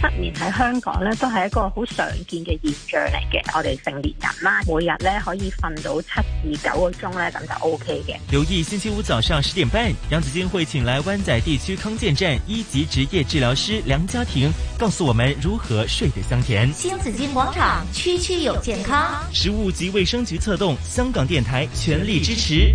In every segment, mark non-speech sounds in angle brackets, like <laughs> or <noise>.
失眠喺香港咧，都係一個好常見嘅現象嚟嘅。我哋成年人啦，每日咧可以瞓到七至九個鐘咧，咁就 O K 嘅。留意星期五早上十點半，楊子矜會請來灣仔地區康健站一級職業治療師梁家婷，告訴我們如何睡得香甜。新紫荊廣場，區區有健康。食物及衛生局策動，香港電台全力支持。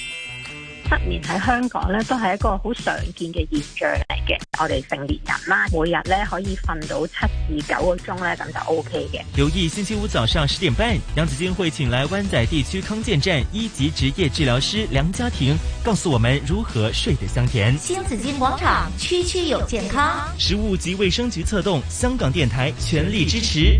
失眠喺香港咧，都係一個好常見嘅現象嚟嘅。我哋成年人啦，啊，每日咧可以瞓到七至九個鐘咧，咁就 OK 嘅。留意星期五早上十點半，楊子矜會請來灣仔地區康健站一級職業治療師梁嘉婷，告訴我們如何睡得香甜。新紫荊廣場區區有健康，食物及衛生局策動，香港電台全力支持。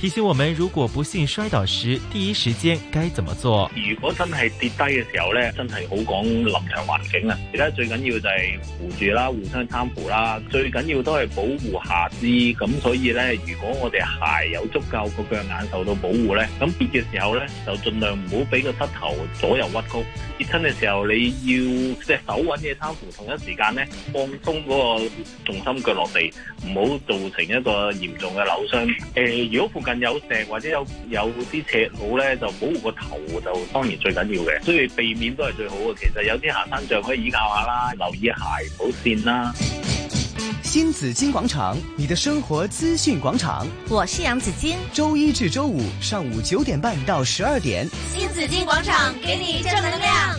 提醒我們，如果不幸摔倒時，第一時間該怎麼做？如果真係跌低嘅時候咧，真係好講臨場環境啦。而家最緊要就係扶住啦，互相攙扶啦。最緊要都係保護下肢。咁所以咧，如果我哋鞋有足夠個腳眼受到保護咧，咁跌嘅時候咧，就盡量唔好俾個膝頭左右屈曲跌親嘅時候，你要即係手揾嘢攙扶，同一時間咧放鬆嗰個重心腳落地，唔好造成一個嚴重嘅扭傷。誒、呃，如果附近，有石或者有有啲斜路咧，就保護個頭就當然最緊要嘅，所以避免都係最好嘅。其實有啲行山杖可以依靠下啦，留意鞋，唔好跣啦。新紫荊廣場，你的生活資訊廣場，我係楊子矜，周一至周五上午九點半到十二點，新紫荊廣場給你正能量。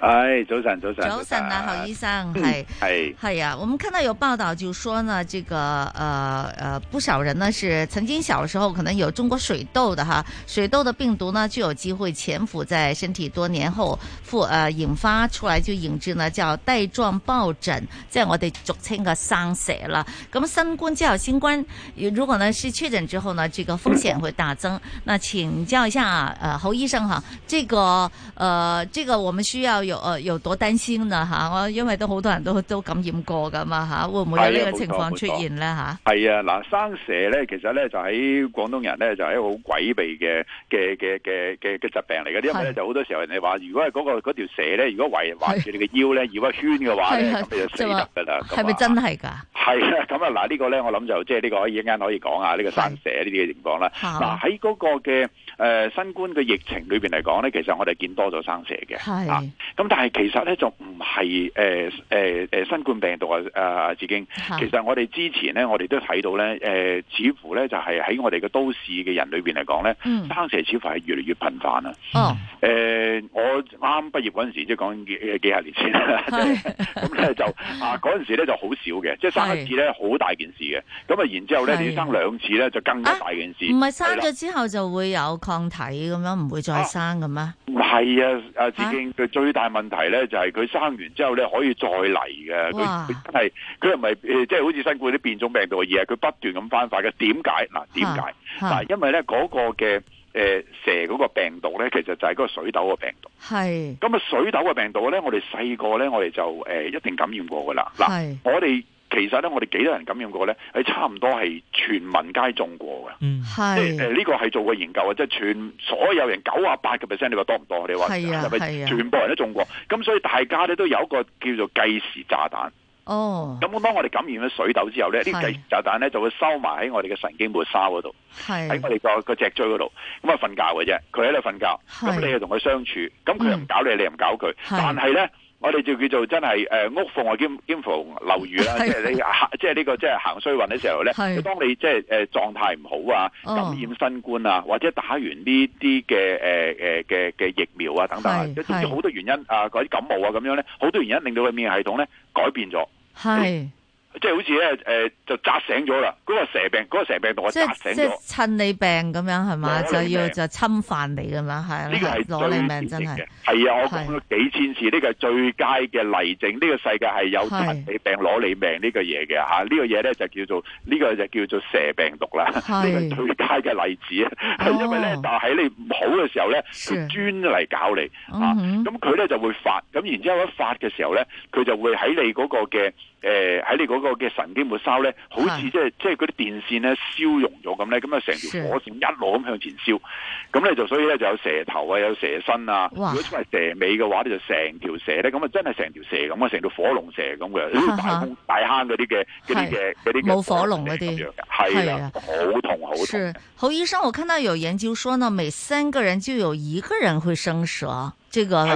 哎，早晨，早晨早晨啊，侯晨晨醫生係係係啊，我們看到有報道就說呢，這個呃呃不少人呢是曾經小時候可能有中過水痘的哈，水痘的病毒呢就有機會潛伏在身體多年後復呃引發出來，就引致呢叫帶狀疱疹，即係我哋俗稱嘅生蛇啦。咁新冠之新冠如果呢是確診之後呢，這個風險會大增。那請教一下，啊，呃侯醫生哈，這個呃這個我們需要。又又多擔心啦嚇，我因為都好多人都都感染過㗎嘛嚇，會唔會有呢個情況出現咧嚇？係啊，嗱，生蛇咧，其實咧就喺廣東人咧就係一個好詭秘嘅嘅嘅嘅嘅嘅疾病嚟嘅。因為咧就好多時候人哋話，如果係嗰、嗰個條蛇咧，如果圍圍住你嘅腰咧的繞一圈嘅話咧，咁的就死得㗎啦。係咪真係㗎？係啊，咁啊嗱，呢個、呢、呢個咧我諗就即係呢個可以一間可以講下呢個生蛇呢啲嘅情況啦。嗱喺嗰個嘅。誒、呃、新冠嘅疫情裏面嚟講咧，其實我哋見多咗生蛇嘅，咁是、啊、但係其實咧就唔係新冠病毒啊啊！已、呃、經其實我哋之前咧，我哋都睇到咧，誒、呃、似乎咧就係喺我哋嘅都市嘅人裏面嚟講咧，嗯、生蛇似乎係越嚟越頻繁啦、哦呃。我啱啱畢業嗰時，即係講幾幾廿年前啦，咁咧是 <laughs> <laughs> 就啊嗰陣時咧就好少嘅，即係生一次咧好大件事嘅。咁啊，然之後咧是你生兩次咧就更加大件事。唔係、啊、生咗之後就會有。抗體咁樣唔會再生咁咩？唔係啊，啊，子矜佢最大問題咧就係佢生完之後咧可以再嚟嘅，佢係佢又唔係誒，即係好似新冠啲變種病毒嘅嘢，佢不斷咁翻發嘅，點解？嗱，點解？嗱，因為咧嗰個嘅誒蛇嗰個病毒咧，其實就係嗰個水痘嘅病毒。係咁啊，水痘嘅病毒咧，我哋細個咧，我哋就誒一定感染過噶啦。嗱，係，我哋。其實咧，我哋幾多人感染過咧？係差唔多係全民皆中過嘅。嗯，係、啊。呢、呃這個係做過研究嘅，即係全所有人九啊八個 percent，你話多唔多？你話係啊係、啊、全部人都中過。咁、啊、所以大家咧都有一個叫做計時炸彈。哦。咁當我哋感染咗水痘之後咧，呢計、啊、時炸彈咧就會收埋喺我哋嘅神經末梢嗰度，喺、啊、我哋個個脊椎嗰度。咁啊瞓覺嘅啫，佢喺度瞓覺。咁、啊、你又同佢相處，咁佢又唔搞你，嗯、你又唔搞佢。啊、但係咧。我哋就叫做真係誒屋漏兼兼逢流雨啦、啊，即係 <laughs> <laughs> 你即係呢個即係、就是、行衰運嘅時候咧。 <laughs> 當你即係誒狀態唔好啊， <noise> 噢 感染新冠啊，或者打完呢啲嘅誒誒嘅嘅疫苗啊等等，即好 <noise> 是 多原因是 啊，嗰啲感冒啊咁樣咧，好多原因令到佢免疫系統咧改變咗。 <noise> 即係好似咧，誒就扎醒咗啦！嗰個蛇病，嗰個蛇病毒，我扎醒咗。即係即係趁你病咁樣係嘛？就要就侵犯你㗎嘛係。呢個係攞你命嘅。係啊，我講咗幾千次，呢個最佳嘅例證。呢個世界係有趁你病攞你命呢個嘢嘅嚇。呢個嘢咧就叫做呢個就叫做蛇病毒啦。呢個最佳嘅例子，係因為咧就喺你唔好嘅時候咧，佢專嚟搞你啊！咁佢咧就會發，咁然之後一發嘅時候咧，佢就會喺你嗰個嘅。誒喺你嗰個嘅神經末梢咧，好似即係即係嗰啲電線咧燒融咗咁咧，咁啊成條火線一路咁向前燒，咁咧就所以咧就有蛇頭啊，有蛇身啊，如果出嚟蛇尾嘅話咧，就成條蛇咧，咁啊真係成條蛇咁啊，成條火龍蛇咁嘅，大公大坑嗰啲嘅嗰啲嘅嗰啲冇火龍嗰啲，係啊，好痛好痛。是侯醫生，我看到有研究說呢，每三個人就有一個人會生蛇，這個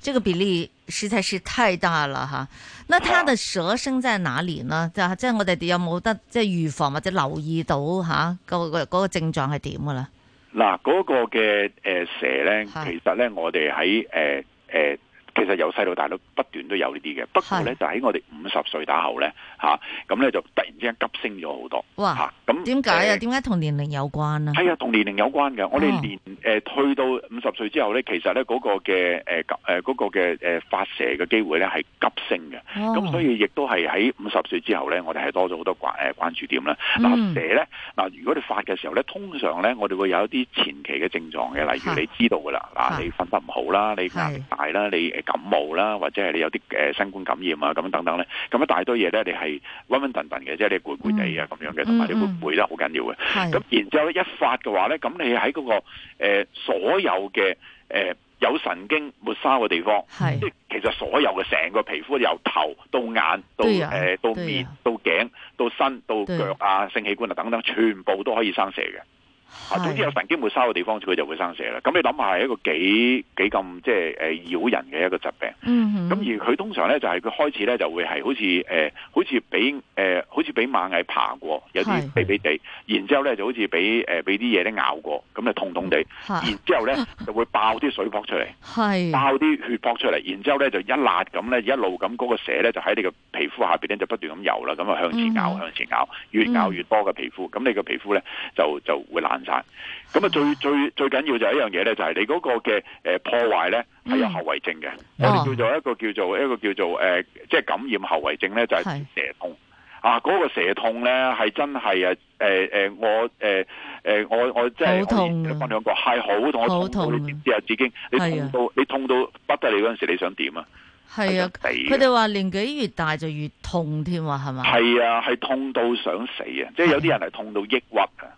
這個比例。實在是太大啦，吓！那它的蛇生在哪裡呢？啊、即係即係我哋有冇得即係預防或者留意到吓？嗰個、啊那個、那個症狀係點噶啦？嗱，嗰個嘅誒蛇咧，其實咧我哋喺誒誒。呃呃其實由細到大都不斷都有呢啲嘅，不過咧就喺我哋五十歲打後咧嚇，咁、啊、咧就突然之間急升咗好多。哇！咁點解啊？點解同年齡有關啊？係啊，同年齡有關嘅。我哋年誒退到五十歲之後咧，其實咧嗰、嗰個嘅誒誒嗰個嘅誒發射嘅機會咧係急升嘅。咁、哦、所以亦都係喺五十歲之後咧，我哋係多咗好多關誒關注點啦。嗱蛇咧，嗱如果你發嘅時候咧，通常咧我哋會有一啲前期嘅症狀嘅，例如你知道㗎啦，嗱是你瞓得唔好啦，你壓力大啦，是你感冒啦，或者係你有啲誒新冠感染啊，咁等等咧，咁一大堆嘢咧，你係温温頓頓嘅，即係、嗯、你攰攰地啊，咁樣嘅，同埋你會攰得好緊要嘅。咁然之後呢，一發嘅話咧，咁你喺嗰、那個、呃、所有嘅誒、呃、有神經末梢嘅地方，即係是其實所有嘅成個皮膚，由頭到眼呀到誒、呃、呀到面到頸到身到腳啊，對性器官啊等等，全部都可以生蛇嘅。啊，是總之有神經末梢嘅地方，佢就會生蛇啦。咁你諗下係一個幾幾咁即係誒擾人嘅一個疾病。咁、嗯、哼而佢通常咧就係、是、佢開始咧就會係好似誒、呃、好似俾誒好似俾螞蟻爬過，有啲痺痺地。然之後咧就好似俾誒俾啲嘢咧咬過，咁就痛痛地。是然之後咧就會爆啲水泡出嚟，是爆啲血泡出嚟。然之後咧就一辣咁咧一路咁嗰、那個蛇咧就喺你嘅皮膚下邊咧就不斷咁游啦，咁啊向前咬、嗯、哼向前咬，越咬越多嘅皮膚。咁、嗯、你嘅皮膚咧就就會爛晒。咁啊！最最最緊要就係一樣嘢咧，就係你嗰個嘅誒破壞咧，係有後遺症嘅。嗯哦、我哋叫做一個叫做一個叫做誒、呃，即係感染後遺症咧，就係、是、蛇痛是啊！嗰、嗰個蛇痛咧係真係啊！誒、呃、誒、呃呃呃呃呃呃，我誒誒我我真係分享過係好痛，我痛到你知唔知啊？子矜，你痛到、啊、你，痛到你痛到不得了嗰陣時候，你想點啊？係啊，佢哋話年紀越大就越痛添，係咪？係啊，係痛到想死啊！即係有啲人係痛到抑鬱啊！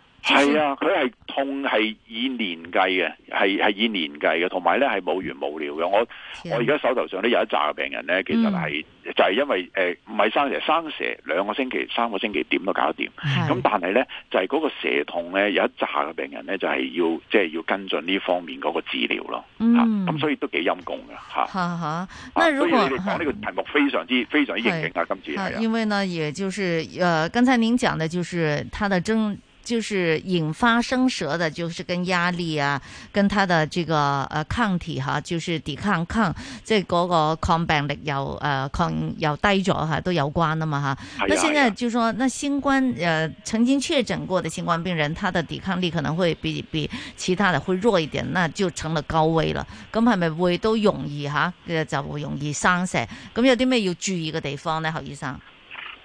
係啊，佢係痛係以年計嘅，係係以年計嘅，同埋咧係冇完冇了嘅。我、啊、我而家手頭上都有一紮嘅病人咧，其實係、嗯、就係因為誒唔係生蛇，生蛇兩個星期、三個星期點都搞得掂。咁是但係咧就係、是、嗰個蛇痛咧有一紮嘅病人咧就係、是、要即係、就是、要跟進呢方面嗰個治療咯。咁、嗯啊、所以都幾陰功嘅吓吓。所以你哋講呢個題目非常之、啊、非常之應景啊，是今次。啊，啊因為呢，也就是誒，剛、呃、才您講嘅就是它的症。就是引發生蛇的，就是跟壓力啊，跟他的這個呃抗體哈、啊，就是抵抗抗，這嗰個抗病力又誒、呃、抗又低咗吓，都有關啊嘛吓。哎、呀那現在就說，那新冠誒、呃、曾經確診過的新冠病人，他的抵抗力可能會比比其他的會弱一點，那就成了高危了。咁係咪會都容易吓，就容易生蛇？咁有啲咩要注意嘅地方呢？侯醫生？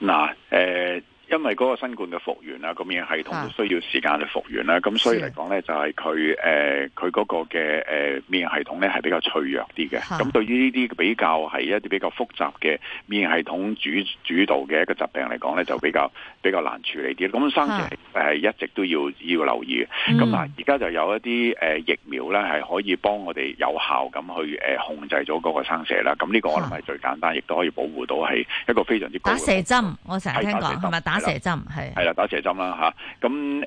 嗱，誒。因為嗰個新冠嘅復原啦，咁、嗰個、免疫系統需要時間去復原啦，咁是所以嚟講咧就係佢誒佢嗰個嘅誒免疫系統咧係比較脆弱啲嘅。咁是對於呢啲比較係一啲比較複雜嘅免疫系統主主導嘅一個疾病嚟講咧，就比較是比較難處理啲。咁生蛇係一直都要要留意。咁嗱是，而家就有一啲誒疫苗咧係可以幫我哋有效咁去誒控制咗個生蛇啦。咁呢個我諗係最簡單，亦都是可以保護到係一個非常之高的打蛇針。打蛇針我成日聽講是打蛇針係係啦，打蛇針啦吓，咁誒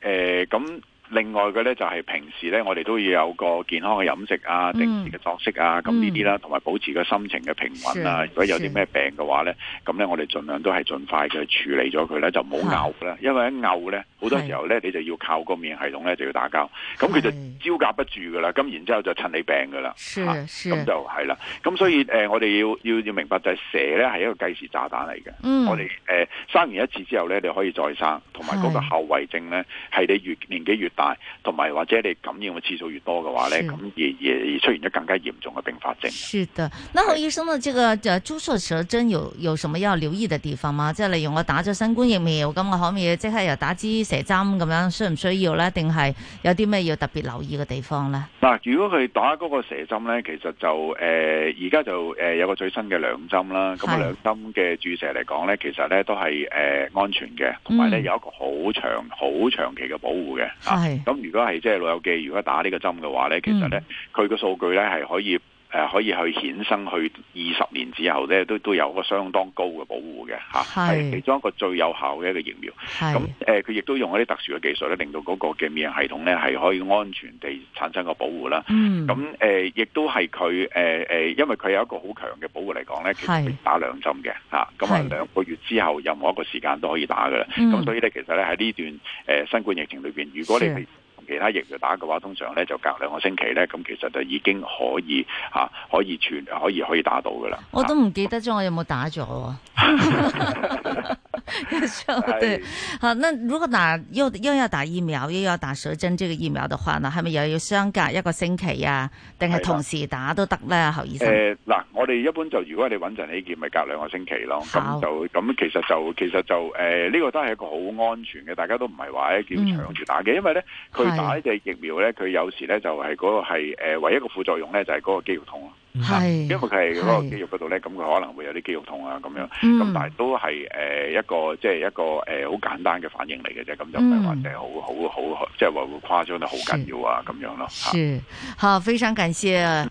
誒，咁、啊啊啊、另外嘅咧就係平時咧，我哋都要有個健康嘅飲食啊，定時嘅作息啊，咁呢啲啦，同埋保持個心情嘅平穩啊。的如果有啲咩病嘅話咧，咁咧的我哋盡量都係盡快嘅處理咗佢咧，就唔好拗啦，的因為一拗咧。好多時候咧，你就要靠個免疫系統咧，就要打交。咁佢就招架不住噶啦。咁是然之後就趁你病噶啦。咁、啊、就係啦。咁所以、呃、我哋要要要明白就係蛇咧係一個計時炸彈嚟嘅。嗯、我哋誒、呃、生完一次之後咧，你可以再生。同埋嗰個後遺症咧，係是你越年紀越大，同埋或者你感染嘅次數越多嘅話咧，咁而而出現咗更加嚴重嘅併發症。是的，是那侯醫生呢？呢個注射蛇針有有什麼要留意嘅地方嗎？即係例如我打咗新冠疫苗，咁我可唔可以即係又打支？蛇針咁樣需唔需要咧？定係有啲咩要特別留意嘅地方咧？嗱，如果佢打嗰個蛇針咧，其實就誒而家就誒、呃、有個最新嘅兩針啦。咁個兩針嘅注射嚟講咧，其實咧都係誒、呃、安全嘅，同埋咧有一個好長好、嗯、長期嘅保護嘅。咁是、啊、如果係即係老友記，如果打呢個針嘅話咧，其實咧佢個數據咧係可以。誒，可以去衍生去二十年之後咧，都都有個相當高嘅保護嘅吓，係是其中一個最有效嘅一個疫苗。咁誒是，佢亦、呃、都用一啲特殊嘅技術咧，令到嗰個嘅免疫系統咧係可以安全地產生個保護啦。咁誒、嗯、亦、呃、都係佢誒誒，因為佢有一個好強嘅保護嚟講咧，其實係打兩針嘅吓，咁是啊兩個月之後任何一個時間都可以打噶啦。咁、嗯、所以咧，其實咧喺呢在這段誒、呃、新冠疫情裏邊，如果你係。其他疫苗打嘅話，通常咧就隔兩個星期咧，咁其實就已經可以吓、啊，可以全，可以可以打到噶啦。我都唔記得咗我有冇打咗。 <laughs> <laughs> <laughs> 對，是好。那如果嗱又又要打疫苗，又要打蛇針，這個疫苗的話，呢，係咪又要相隔一個星期呀、啊，定係同時打都得咧，侯的醫生？誒、呃，嗱、呃呃，我哋一般就如果你穩陣起見，咪隔兩個星期咯。咁好就咁，其實就其實就誒，呢、呃這個都係一個好安全嘅，大家都唔係話咧叫搶住打嘅，嗯、因為咧佢打呢隻疫苗咧，佢的有時咧就係嗰、那個係誒、呃，唯一一個副作用咧就係嗰個肌肉痛啊。係，mm hmm. 因為佢係嗰個肌肉嗰度咧，咁佢是可能會有啲肌肉痛啊，咁樣，咁、嗯、但係都係誒、呃、一個即係、就是、一個誒好、呃、簡單嘅反應嚟嘅啫，咁就唔係話者好好好即係話會誇張得好緊要啊，咁是樣咯吓。好，非常感謝。嗯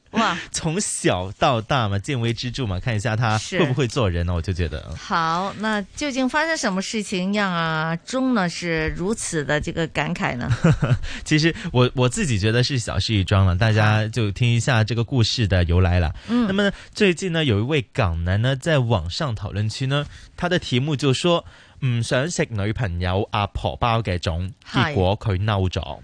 從小到大嘛，見微知著嘛，看一下他會不會做人呢、啊？是我就覺得好。那究竟發生什麼事情讓阿中呢是如此的這個感慨呢？ <laughs> 其實我我自己覺得是小事一樁了，大家就聽一下這個故事的由來了。嗯， <laughs> 那麼呢最近呢，有一位港男呢在網上討論區呢，他的題目就說唔想食女朋友阿婆包嘅粽，結果佢嬲咗。嗯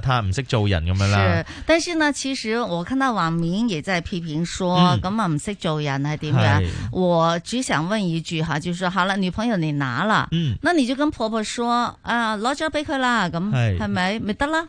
佢唔識做人咁樣啦，是，但是呢，其實我看到網民也在批評說，咁啊唔識做人係點樣。是我只想問一句哈，就說好了，女朋友你拿了，嗯，那你就跟婆婆說，啊，攞咗俾佢啦，咁係咪，咪得是啦。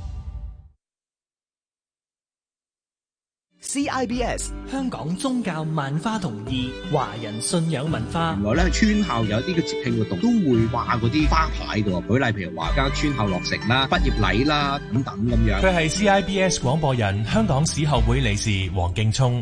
CIBS 香港宗教萬花筒二華人信仰文化，原來咧村校有啲嘅節慶活動都會掛嗰啲花牌嘅喎。舉例譬如話，家村校落成啦、畢業禮啦等等咁樣。佢係 CIBS 廣播人，香港史學會理事黃敬聰。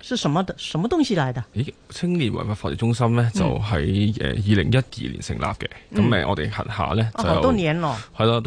是什麼的什麼東西來的？咦，青年違法防治中心呢，就喺誒二零一二年成立嘅，咁咪、嗯嗯、我哋轄下咧就係咯，都、哦、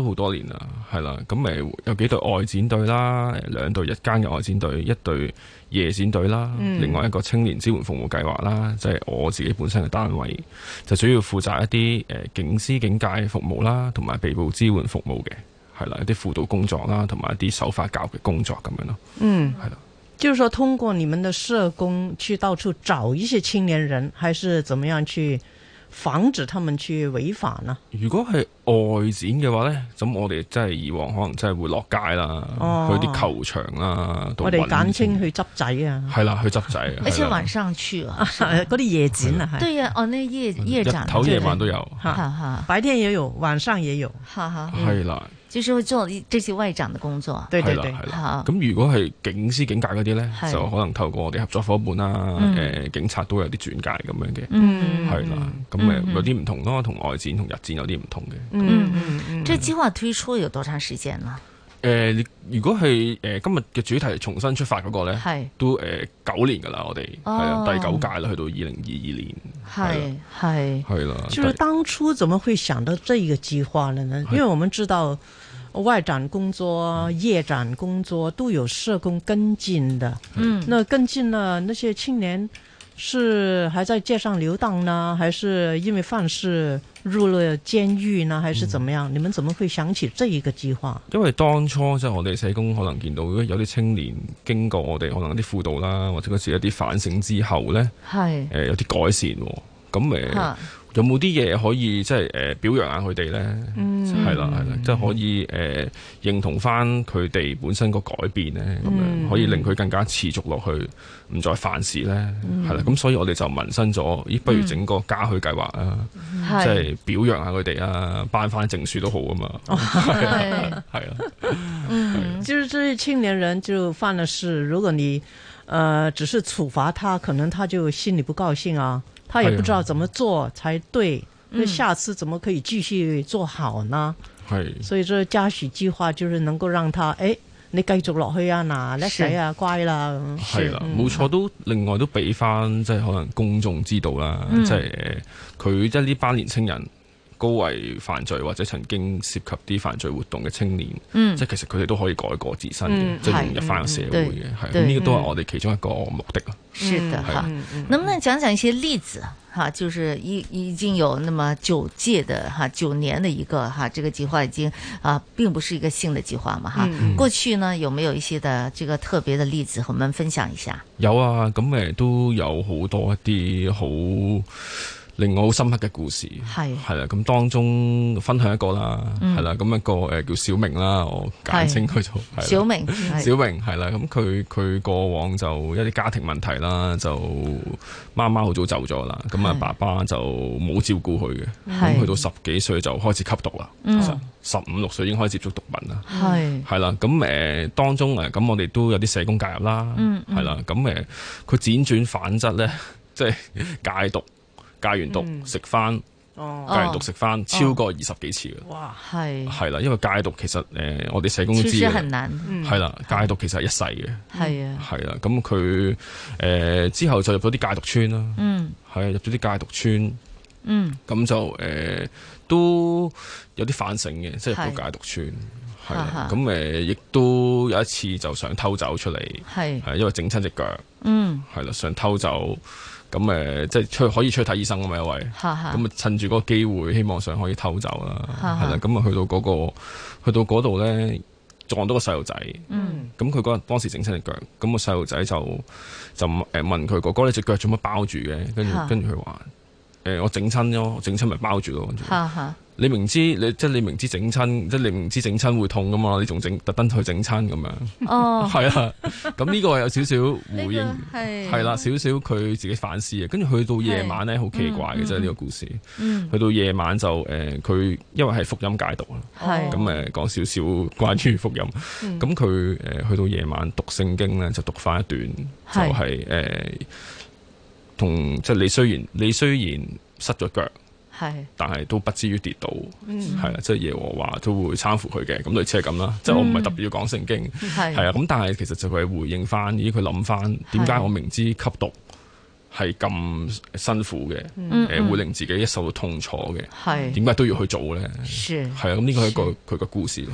好多年啦，係啦，咁咪有幾隊外展隊啦，兩隊一間嘅外展隊，一隊夜展隊啦，另外一個青年支援服務計劃啦，即、就、係、是、我自己本身嘅單位，就主要負責一啲誒、呃、警司警戒服務啦，同埋被捕支援服務嘅，係啦，一啲輔導工作啦，同埋一啲守法教嘅工作咁樣咯，嗯，係啦。就是說，通過你們的社工去到處找一些青年人，還是怎麼樣去防止他們去違法呢？如果係外展嘅話咧，咁我哋真係以往可能真係會落街啦，去啲球場啦，我哋簡稱去執仔啊。係啦，去執仔啊。而且晚上去啊，嗰啲夜展啊。對啊，哦，呢夜夜展頭夜晚都有，白天也有，晚上也有，吓吓。係啦。就是做這些外展的工作，係啦係啦。咁如果係警司警戒嗰啲咧，就可能透過我哋合作夥伴啦，誒警察都有啲轉介咁樣嘅，係啦。咁咪有啲唔同咯，同外展同日展有啲唔同嘅。嗯嗯嗯。即係計劃推出有多長時間啦？誒，如果係誒今日嘅主題重新出發嗰個咧，係都誒九年噶啦，我哋係啦第九屆啦，去到二零二二年。係係係啦。就是當初怎麼會想到這一個計劃呢？因為我們知道。外展工作、夜展工作都有社工跟進的。嗯，那跟進呢？那些青年是還在街上流蕩呢，還是因為犯事入了監獄呢，還是怎麼樣？嗯、你們怎麼會想起這一個計劃？因為當初即係、就是、我哋社工可能見到有啲青年經過我哋可能一啲輔導啦，或者嗰時一啲反省之後呢，係誒是、呃、有啲改善喎咁、哦、誒。有冇啲嘢可以即係誒表揚下佢哋咧？係啦，係啦，即係可以誒、呃、認同翻佢哋本身個改變咧，咁、嗯、樣可以令佢更加持續落去，唔再犯事咧。係啦、嗯，咁所以我哋就聞身咗，咦？不如整個嘉許計劃、嗯、是啊，即係表揚下佢哋啊，頒翻證書都好啊嘛。係啊的，嗯，是是是 <laughs> 就是這些青年人就犯咗事，如果你，呃，只是處罰他，可能他就心裡不高興啊。他也不知道怎麼做才對，咁、嗯、下次怎麼可以繼續做好呢？係、嗯，所以說嘉許計劃就是能夠讓他，誒、欸，你繼續落去啊，嗱叻仔啊，是乖啦咁。係啦，冇錯，都、嗯、另外都俾翻即係可能公眾知道啦，即係佢即係呢班年青人。高危犯罪或者曾經涉及啲犯罪活動嘅青年，即係其實佢哋都可以改過自身嘅，即係融入翻個社會嘅，係呢個都係我哋其中一個目的咯。是的哈，能不能講講一些例子？哈，就是已已經有那麼九屆的哈，九年的一個哈，這個計劃已經啊，並不是一個新的計劃嘛。哈，過去呢有沒有一些的這個特別的例子，和我們分享一下？有啊，咁誒都有好多一啲好。令我好深刻嘅故事，係係啦，咁當中分享一個啦，係啦，咁一個誒叫小明啦，我簡稱佢做小明，小明係啦，咁佢佢過往就一啲家庭問題啦，就媽媽好早走咗啦，咁啊爸爸就冇照顧佢嘅，咁去到十幾歲就開始吸毒啦，其實十五六歲已經開始接觸毒品啦，係係啦，咁誒當中誒咁我哋都有啲社工介入啦，係啦，咁誒佢輾轉反側咧，即係戒毒。戒完毒食翻，戒完毒食翻，超過二十幾次嘅。哇，係係啦，因為戒毒其實誒，我哋社工都知嘅，係啦，戒毒其實係一世嘅，係啊，係啦，咁佢誒之後就入咗啲戒毒村啦，嗯，係入咗啲戒毒村，嗯，咁就誒都有啲反省嘅，即係入咗戒毒村，係啦，咁誒亦都有一次就想偷走出嚟，係，係因為整親隻腳，嗯，係啦，想偷走。咁誒、嗯，即係出可以出去睇醫生啊嘛，因為，咁啊是趁住嗰個機會，希望上可以偷走啦，係啦，咁啊去到嗰、那個，去到嗰度咧，撞到個細路仔，咁佢嗰日當時整親隻腳，咁個細路仔就就誒問佢哥哥你隻腳做乜包住嘅？是跟住跟住佢話。誒，我整親咯，整親咪包住咯。嚇你明知你即係你明知整親，即係你明知整親會痛噶嘛，你仲整特登去整親咁樣？哦，係啊。咁呢個有少少回應，係啦，少少佢自己反思嘅。跟住去到夜晚咧，好奇怪嘅真係呢個故事。去到夜晚就誒，佢因為係福音戒毒啊，係咁誒講少少關於福音。嗯。咁佢誒去到夜晚讀聖經咧，就讀翻一段，就係誒。同即係你雖然你雖然失咗腳，係，但係都不至於跌倒，係啦，即係耶和華都會攙扶佢嘅，咁類似係咁啦。即係我唔係特別要講聖經，係啊，咁但係其實就係回應翻，咦，佢諗翻點解我明知吸毒係咁辛苦嘅，誒會令自己一受到痛楚嘅，係，點解都要去做咧？係啊，咁呢個係一個佢嘅故事咯。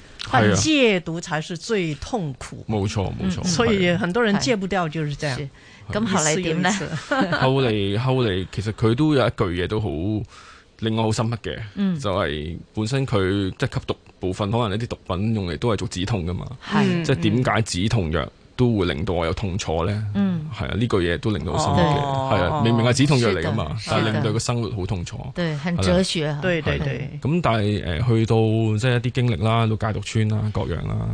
戒毒才是最痛苦，冇錯冇錯，錯嗯、所以很多人戒不掉就是這樣。咁 <laughs> 後來點呢？後來後來，其實佢都有一句嘢都好令我好深刻嘅。嗯、就係本身佢即係吸毒部分，可能呢啲毒品用嚟都係做止痛噶嘛，嗯、即係點解止痛藥？嗯嗯都會令到我有痛楚咧，係啊，呢句嘢都令到我心，係啊，明明係止痛藥嚟㗎嘛，但係令到個生活好痛楚。對，很哲學，對對對。咁但係誒，去到即係一啲經歷啦，到戒毒村啦，各樣啦，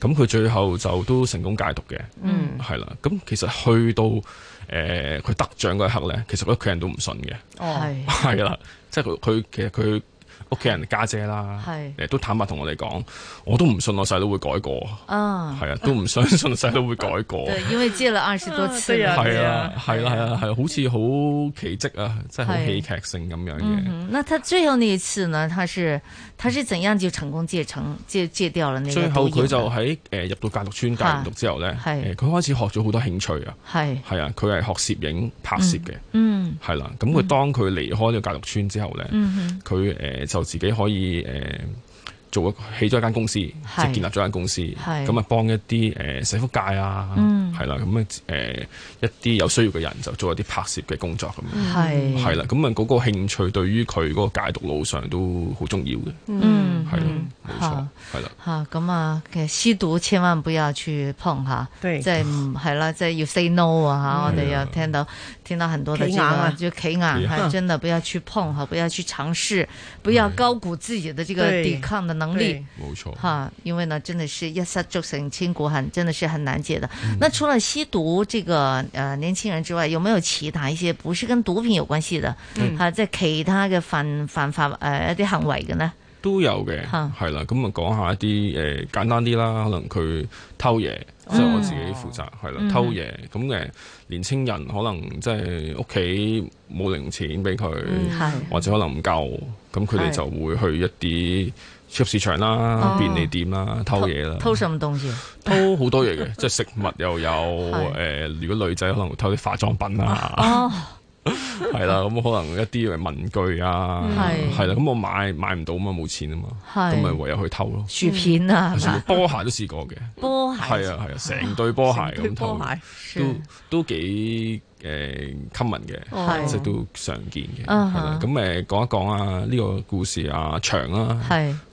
咁佢最後就都成功戒毒嘅。嗯，係啦。咁其實去到誒，佢得獎嗰一刻咧，其實屋企人都唔信嘅。哦，係啦，即係佢佢其實佢。屋企人家姐啦，誒都坦白同我哋講，我都唔信我細佬會改過，係啊，都唔相信細佬會改過。因為戒咗二十多次，係啊，係啊，係啦，係，好似好奇蹟啊，真係好戲劇性咁樣嘅。那他最後呢一次呢？他是他是怎樣就成功戒成戒戒掉了呢？最後佢就喺誒入到戒毒村，戒毒之後咧，佢開始學咗好多興趣啊，係係啊，佢係學攝影拍攝嘅，嗯，係啦。咁佢當佢離開呢個戒毒村之後咧，佢誒就。就自己可以誒。呃做起咗一間公司，即建立咗間公司，咁啊幫一啲誒社福界啊，係啦，咁啊誒一啲有需要嘅人就做一啲拍攝嘅工作咁樣，係啦，咁啊嗰個興趣對於佢嗰個戒毒路上都好重要嘅，嗯，係咯，冇錯，係啦。嚇咁啊其實吸毒千萬不要去碰嚇，即係係啦，即係要 say no 啊嚇，我哋又聽到聽到很多嘅警告，就企硬，真的不要去碰嚇，不要去嘗試，不要高估自己的這個抵抗的。能力冇錯對錯、啊、因為呢，真的是一失足成千古恨，真的是很難解的。嗯、那除了吸毒這個，誒、呃、年輕人之外，有沒有其他一些不是跟毒品有關係的，吓、嗯，即係、啊就是、其他嘅犯犯法誒一啲行為嘅呢、嗯，都有嘅，吓，係啦。咁啊，講下一啲誒、呃、簡單啲啦。可能佢偷嘢，即係、嗯、我自己負責，係啦，嗯、偷嘢咁年輕人可能即係屋企冇零錢俾佢，嗯、或者可能唔夠，咁佢哋就會去一啲。超市場啦，便利店啦，偷嘢啦。偷什麼東西？偷好多嘢嘅，即係食物又有誒。如果女仔可能會偷啲化妝品啊，係啦。咁可能一啲誒文具啊，係啦。咁我買買唔到嘛，冇錢啊嘛，咁咪唯有去偷咯。薯片啊，波鞋都試過嘅。波鞋係啊係啊，成對波鞋咁偷，都都幾誒 common 嘅，即係都常見嘅。咁誒講一講啊，呢個故事啊長啦。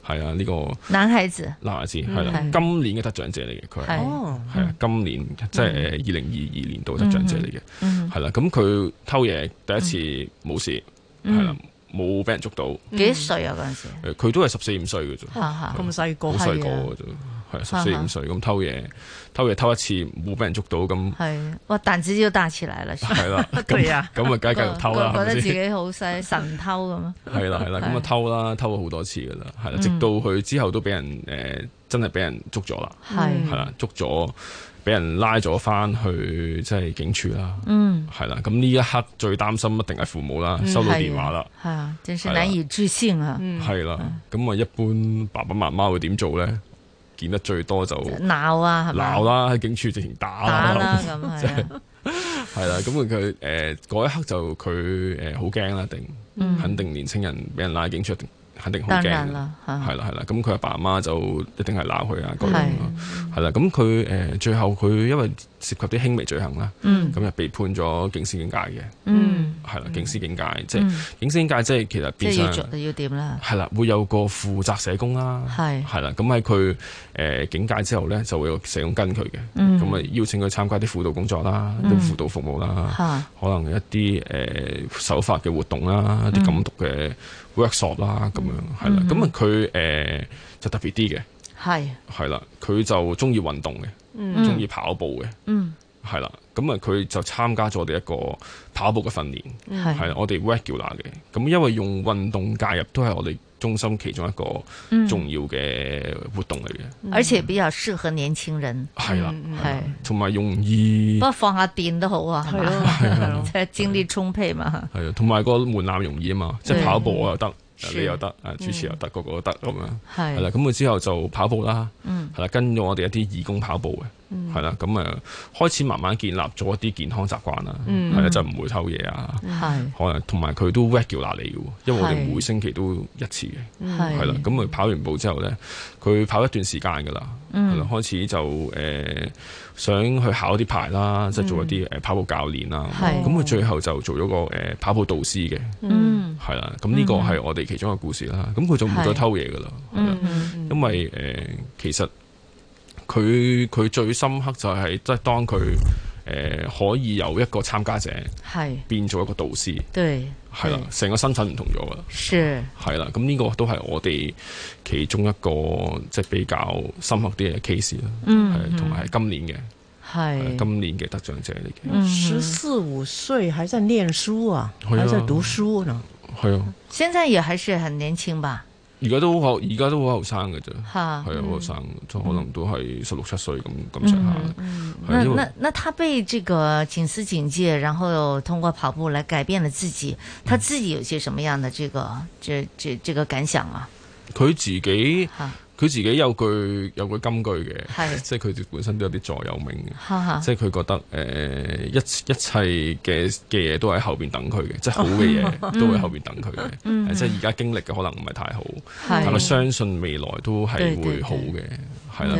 係啊，呢個男孩子，男孩子係啦，今年嘅得獎者嚟嘅佢係，係啊，今年即係二零二二年度得獎者嚟嘅，係啦。咁佢偷嘢第一次冇事，係啦，冇俾人捉到。幾歲啊？嗰陣時，佢都係十四五歲嘅啫，咁細個，好細個嘅啫，係啊，十四五歲咁偷嘢。偷嘢偷一次，冇俾人捉到咁。係，哇！膽子都大起嚟啦，係啦。咁啊，咁啊，梗係繼續偷啦。覺得自己好細神偷咁啊。係啦係啦，咁啊偷啦，偷咗好多次噶啦，係啦，直到佢之後都俾人誒，真係俾人捉咗啦。係係啦，捉咗，俾人拉咗翻去即係警署啦。嗯，係啦，咁呢一刻最擔心一定係父母啦，收到電話啦。係啊，真係難以置信啊。嗯，係啦，咁啊，一般爸爸媽媽會點做咧？見得最多就鬧啊！鬧啦，喺警署直情打啦、啊、咁，即係係啦，咁佢佢嗰一刻就佢誒好驚啦，定、嗯、肯定年青人俾人拉警署一定。肯定好驚，係啦係啦，咁佢阿爸阿媽就一定係鬧佢啊，嗰樣係啦。咁佢誒最後佢因為涉及啲輕微罪行啦，咁就被判咗警司警戒嘅，係啦，警司警戒即係警司警戒即係其實變咗要點啦？係啦，會有個負責社工啦，係係啦。咁喺佢誒警戒之後咧，就會有社工跟佢嘅，咁啊邀請佢參加啲輔導工作啦，啲輔導服務啦，可能一啲誒守法嘅活動啦，一啲禁毒嘅。workshop 啦，咁樣，係啦、嗯，咁啊佢誒就特別啲嘅係，係啦是，佢就中意運動嘅，中意、嗯、跑步嘅，係啦、嗯，咁啊佢就參加咗我哋一個跑步嘅訓練，係啦是，我哋 regular 嘅，咁因為用運動介入都係我哋。中心其中一個重要嘅活動嚟嘅，而且比較適合年輕人。係啦，係，同埋容易。不過放下電都好啊，係咯，即係精力充沛嘛。係啊，同埋個門檻容易啊嘛，即係跑步我又得，你又得，誒主持又得，個個都得咁樣。係。係啦，咁佢之後就跑步啦。嗯。係啦，跟住我哋一啲義工跑步嘅。係啦，咁誒開始慢慢建立咗一啲健康習慣啦，係啦，就唔會偷嘢啊，可能同埋佢都 work 叫嗱你嘅，因為我哋每星期都一次嘅，係啦，咁佢跑完步之後咧，佢跑一段時間噶啦，係啦，開始就誒想去考啲牌啦，即係做一啲誒跑步教練啦，咁佢最後就做咗個誒跑步導師嘅，係啦，咁呢個係我哋其中嘅故事啦，咁佢就唔再偷嘢噶啦，因為誒其實。佢佢最深刻就係、是、即係當佢誒、呃、可以由一個參加者係變做一個導師，對，係啦，成個身份唔同咗噶，是，係啦，咁呢個都係我哋其中一個即係比較深刻啲嘅 case 啦，嗯哼，係同埋係今年嘅，係是今年嘅得獎者嚟嘅，十四五歲還在念書啊，啊還在讀書呢，係啊，啊現在也還是很年輕吧。現在現在而家都好後，而家都好後生嘅啫，係啊，好後生，都可能都係十六七歲咁咁上下。那那為那他被這個警司警誡，然後又通過跑步來改變了自己，他自己有些什麼樣的這個、嗯、這個、這個、這個感想啊？佢自己。佢自己有句有句金句嘅，是即係佢本身都有啲座右銘嘅， <laughs> 即係佢覺得誒、呃、一一切嘅嘅嘢都喺後邊等佢嘅， <laughs> 嗯、即係好嘅嘢都會後邊等佢嘅，即係而家經歷嘅可能唔係太好，是但係相信未來都係會好嘅。 <laughs> 嗯 <laughs> 係啦，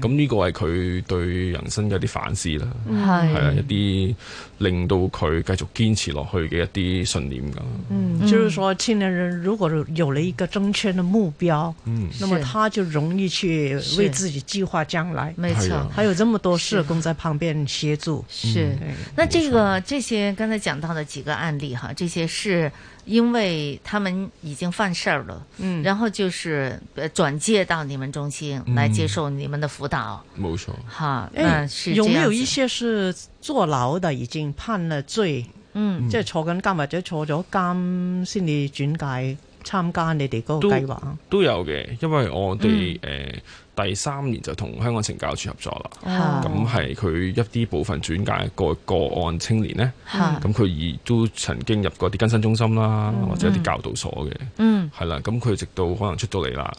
咁呢、啊、個係佢對人生嘅一啲反思啦，係是、啊、一啲令到佢繼續堅持落去嘅一啲信念咁。嗯，就是說青年人如果有了一個正確嘅目標，嗯，那麼他就容易去為自己計劃將來。沒錯，還有這麼多社工在旁邊協助。是，那這個錯這些剛才講到的幾個案例哈，這些是。因為他們已經犯事了，嗯，然後就是轉介到你們中心來接受你們的輔導，冇錯，嗯，好，嗯、欸，是有沒有一些是坐牢的，已經判了罪，嗯，即係坐緊監或者坐咗監先至轉介參加你哋嗰個計劃？都，都有嘅，因為我哋誒。嗯呃第三年就同香港懲教署合作啦，咁係佢一啲部分轉介個個案青年呢，咁佢亦都曾經入過啲更新中心啦，嗯、或者啲教導所嘅，係啦、嗯，咁佢直到可能出咗嚟啦，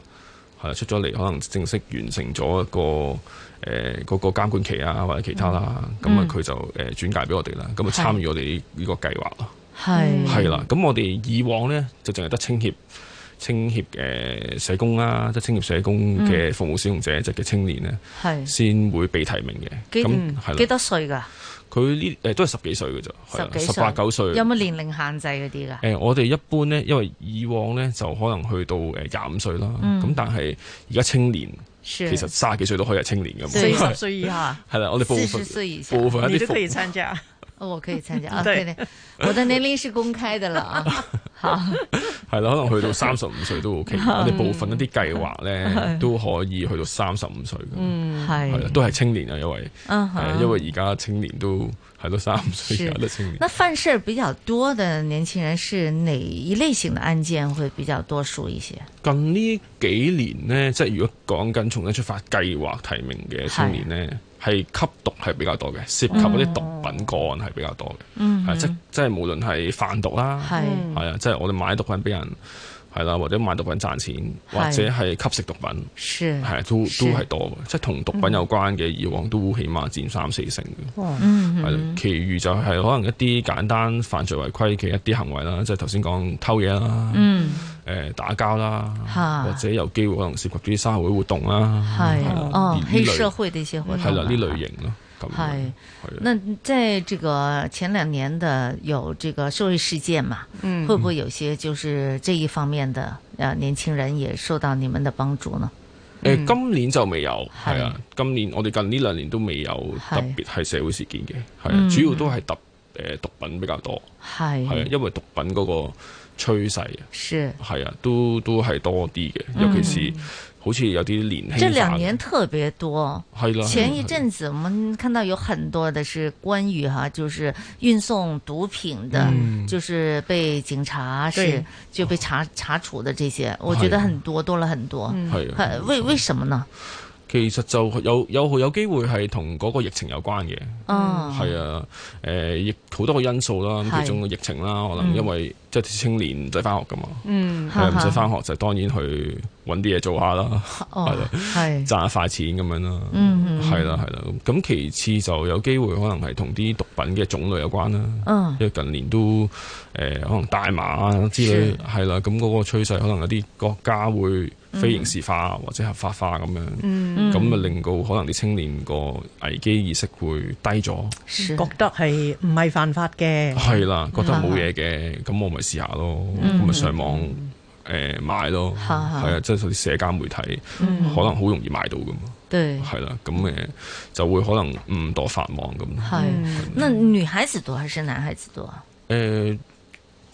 係出咗嚟可能正式完成咗一個誒嗰、呃、個監管期啊，或者其他啦，咁啊佢就誒轉介俾我哋啦，咁啊參與我哋呢個計劃咯，係啦的，咁的我哋以往呢，就淨係得青協。青協嘅社工啦，即係青協社工嘅服務使用者，即嘅青年咧，先會被提名嘅。咁係幾多歲㗎？佢呢，誒都係十幾歲㗎咋，十八九歲。有冇年齡限制嗰啲㗎？誒，我哋一般呢，因為以往呢，就可能去到誒廿五歲啦。咁但係而家青年，其實三十幾歲都可以係青年㗎嘛。四十歲以下係啦，我哋部分部分一啲服務都可以參加。我可以參加啊！對對，我的年齡是公開的啦。好，係啦，可能去到三十五歲都 OK。我哋部分一啲計劃咧，都可以去到三十五歲嘅。嗯，係，係都係青年啊，因為，係，因為而家青年都係到三五歲嘅都青年。那犯事比較多的年輕人是哪一類型的案件會比較多數一些？近呢幾年呢，即係如果講緊重新出發計劃提名嘅青年呢。係吸毒係比較多嘅，涉及嗰啲毒品個案係比較多嘅，啊即即係無論係販毒啦，係啊，即係是我哋買毒品俾人，係啦，或者買毒品賺錢，或者係吸食毒品，係是都是都係多嘅，即係同毒品有關嘅、嗯、哼以往都起碼佔三四成嘅，係、嗯、哼其餘就係可能一啲簡單犯罪違規嘅一啲行為啦，即係頭先講偷嘢啦。嗯誒打交啦，或者有機會可能涉及啲三合會活動啦，係哦，黑社會嘅一些活動係啦，呢類型咯。係，那在這個前兩年的有這個社會事件嘛，嗯，會唔會有些就是這一方面的年輕人也受到你們的幫助呢？誒，今年就未有，係啊，今年我哋近呢兩年都未有特別係社會事件嘅，係主要都係特誒毒品比較多，係係因為毒品嗰個。趨勢啊，係啊，都都係多啲嘅，尤其是好似有啲年輕人。這兩年特別多，係啦。前一陣子我們看到有很多的，是關於哈，就是運送毒品的，就是被警察是就被查查處的這些，我覺得很多多了很多。係，為為什麼呢？其實就有有有機會係同嗰個疫情有關嘅，係啊，誒、呃，好多個因素啦，咁其中個疫情啦，可能因為即係青年唔使翻學噶嘛，唔使翻學就當然就去搵啲嘢做下啦，係賺一塊錢咁樣啦，係啦，係啦。咁其次就有機會可能係同啲毒品嘅種類有關啦，因為近年都誒可能大麻之類係啦，咁嗰個趨勢可能有啲、um, 啊、國家會，非刑事化或者合法化咁樣，咁咪、嗯嗯、令到可能啲青年個危機意識會低咗，是覺得係唔係犯法嘅，係啦，嗯、覺得冇嘢嘅，咁我咪試下咯，咁咪、嗯、上網誒、嗯呃、買咯，係啊，即係嗰啲社交媒體，可能好容易買到噶嘛、嗯，對，係啦，咁誒、呃、就會可能誤墮法網咁，係，那女孩子多還是男孩子多啊？誒、呃。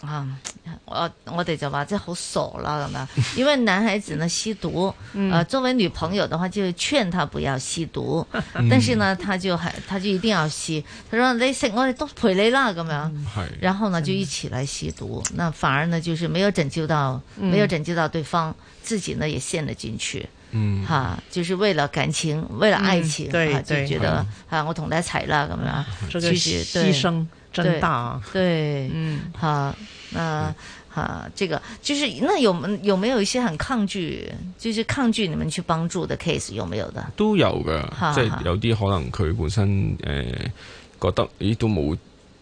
啊，我我哋就話真係好傻啦咁樣，因為男孩子呢，吸毒，誒作為女朋友的話就勸他不要吸毒，但是呢，他就還，他就一定要吸。他說你食，我哋都陪你啦咁樣，然後呢就一起來吸毒，那反而呢就是沒有拯救到，沒有拯救到對方，自己呢也陷得進去，嗯，哈，就是為了感情，為了愛情，就覺得啊我同你一齊啦咁樣，是犧牲。對，對嗯，好，啊，嗯、好，這個就是，那有有沒有一些很抗拒，就是抗拒你們去幫助的 case 有冇有的？的都有㗎，哈哈哈哈，即係有啲可能佢本身誒、呃、覺得，咦，都冇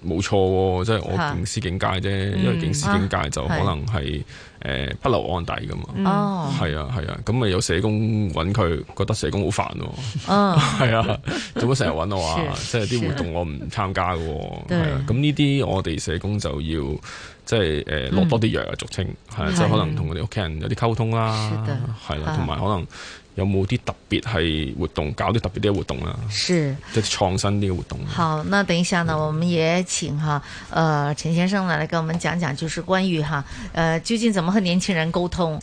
冇錯，即係、哦就是、我警司警誡啫，哈哈，因為警司警誡就可能係。嗯啊是誒、呃，不留案底噶嘛？哦，係啊，係啊，咁咪有社工揾佢，覺得社工好煩咯。哦，係 <laughs> 啊，做乜成日揾我啊？即係啲活動我唔參加噶，係啊。咁呢啲我哋社工就要。即係誒落多啲藥啊，俗稱係、嗯、啊，即係可能同佢哋屋企人有啲溝通啦，係啦的，同埋、啊、可能有冇啲特別係活動，搞啲特別啲嘅活動啦，是即係創新啲嘅活動。好，那等一下呢，嗯、我們也請哈、啊，誒、呃、陳先生嚟嚟跟我們講講，就是關於哈、啊呃，究竟怎麼和年輕人溝通？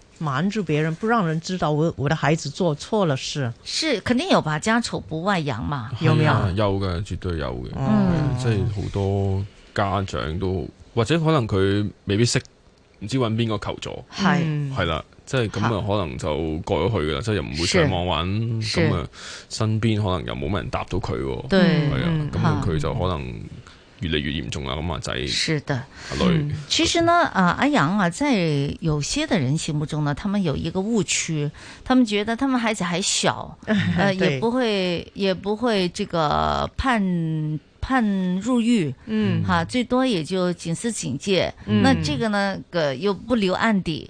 瞞住別人不讓人知道我我的孩子做錯了事，是肯定有吧？家醜不外揚嘛，有沒有？啊、有嘅，絕對有嘅、嗯啊。即係好多家長都，或者可能佢未必識，唔知搵邊個求助。係係啦，即係咁啊，可能就過咗去啦，即係又唔會上網搵，咁啊，身邊可能又冇乜人答到佢、哦。對，係啊，咁、嗯、佢就可能。越嚟越嚴重啦，咁、嗯、啊就是，是的、啊嗯，其實呢，啊阿楊啊，在有些的人心目中呢，他們有一個誤區，他們覺得他們孩子還小， <laughs> 呃，對也不會，也不會這個判判入獄，嗯，哈、啊，最多也就警司警誡，嗯、那這個呢，又不留案底。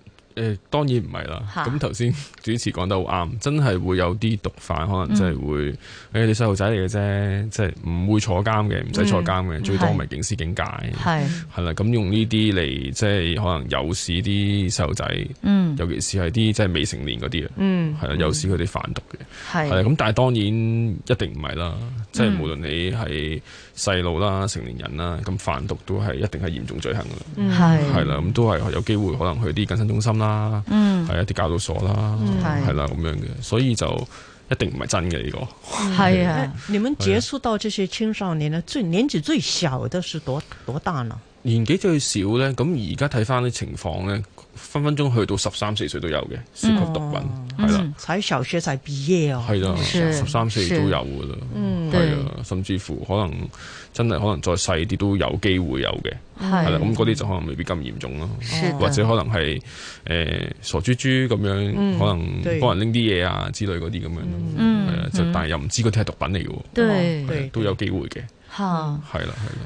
誒，當然唔係啦。咁頭先主持講得好啱，真係會有啲毒犯，可能真係會誒啲細路仔嚟嘅啫，即係唔會坐監嘅，唔使坐監嘅，嗯、最多咪警司警戒，係係啦。咁是 是 用呢啲嚟即係可能誘使啲細路仔，嗯、尤其是係啲即係未成年嗰啲，係啊、嗯、誘使佢哋販毒嘅。係啊、嗯，咁但係當然一定唔係啦，嗯、即係無論你係。細路啦，成年人啦，咁販毒都係一定係嚴重罪行噶、嗯、啦，係啦，咁都係有機會可能去啲緊身中心啦，係、嗯、一啲教導所啦，係、嗯、啦咁啦樣嘅，所以就一定唔係真嘅呢個。係、嗯、啊， <laughs> 啊你們接觸到這些青少年咧，最年紀最小嘅是多多大啊？年紀最少呢，咁而家睇翻啲情況呢。分分鐘去到十三四歲都有嘅，涉及毒品係啦，喺小學就啊，係啦，十三四都有噶啦，係啊，甚至乎可能真係可能再細啲都有機會有嘅，係啦，咁嗰啲就可能未必咁嚴重咯，或者可能係誒傻豬豬咁樣，可能幫人拎啲嘢啊之類嗰啲咁樣，嗯，係啊，就但係又唔知嗰啲係毒品嚟嘅，對，都有機會嘅，吓，係啦係啦。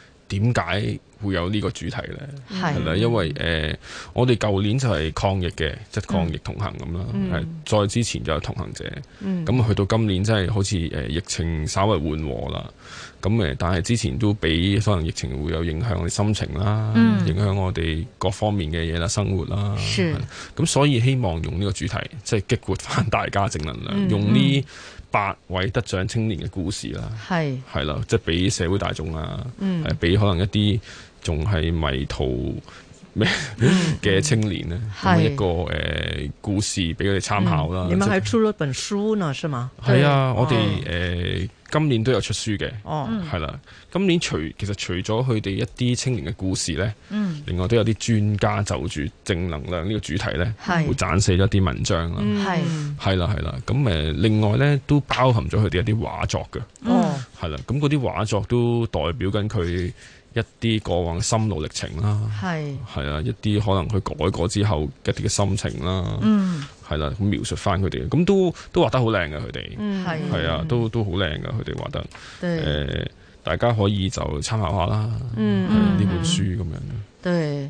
點解會有呢個主題呢？係啦是、啊，因為誒、呃，我哋舊年就係抗疫嘅，即、就、係、是、抗疫同行咁啦。係、嗯、再之前就係同行者，咁去、嗯、到今年真係好似誒、呃、疫情稍微緩和啦。咁誒，但係之前都俾可能疫情會有影響我哋心情啦，嗯、影響我哋各方面嘅嘢啦，生活啦。係咁是，所以希望用呢個主題，即、就、係、是、激活翻大家正能量，嗯、用呢。八位得獎青年嘅故事啦，係係啦，即係俾社會大眾啊，誒俾、嗯、可能一啲仲係迷途。咩嘅青年咧？係一個誒故事俾佢哋參考啦。你哋仲出咗本書呢，係咪？係啊，我哋誒今年都有出書嘅。哦，係啦，今年除其實除咗佢哋一啲青年嘅故事咧，嗯，另外都有啲專家就住正能量呢個主題咧，係會撰寫咗一啲文章啦。係，係啦係啦，咁誒另外咧都包含咗佢哋一啲畫作嘅。哦，係啦，咁嗰啲畫作都代表緊佢。一啲過往嘅心路歷程啦，係是，係啊，一啲可能佢改過之後一啲嘅心情啦，嗯，係啦、啊，咁描述翻佢哋，咁都都畫得好靚嘅佢哋，係，係、嗯、啊，都都好靚嘅佢哋畫得，誒對、呃，大家可以就參考下啦、嗯啊嗯，嗯，呢本書咁樣嘅。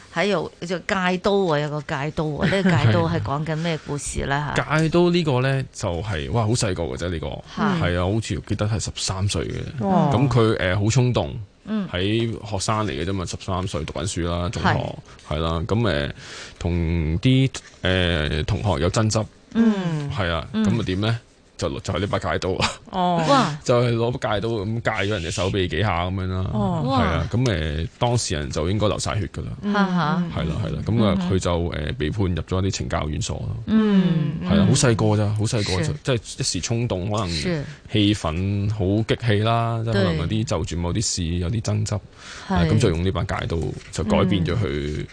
喺度叫做戒刀啊，有個戒刀啊，呢、這個戒刀係講緊咩故事咧？戒刀呢個咧就係、是、哇、這個嗯、好細個嘅啫，呢個係啊，好似記得係十三歲嘅，咁佢誒好衝動，喺、嗯、學生嚟嘅啫嘛，十三歲讀緊書啦，中學係是啦，咁誒同啲誒同學有爭執，係、嗯、啊，咁啊點咧？嗯就就係呢把戒刀啊，就係攞把戒刀咁戒咗人哋手臂幾下咁樣啦，係啊，咁誒當事人就應該流晒血㗎啦，係啦係啦，咁啊佢就誒被判入咗啲懲教院所咯，係啊，好細個咋，好細個就即係一時衝動，可能氣憤好激氣啦，即係可能啲就住某啲事有啲爭執，咁就用呢把戒刀就改變咗佢。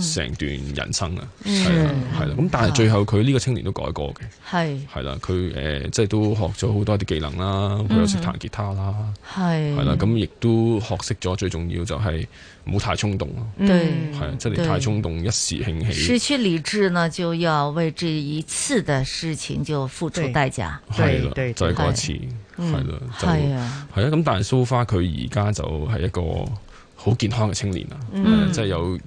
成段人生啊，係啊，係啦。咁但係最後佢呢個青年都改過嘅，係係啦。佢誒，即係都學咗好多啲技能啦，佢又識彈吉他啦，係係啦。咁亦都學識咗，最重要就係唔好太衝動咯，係即係你太衝動一時興起，失去理智呢，就要為這一次嘅事情就付出代價。係啦，就係嗰次，係啦，係啊，係啊。咁但係蘇花佢而家就係一個好健康嘅青年啊。即係有。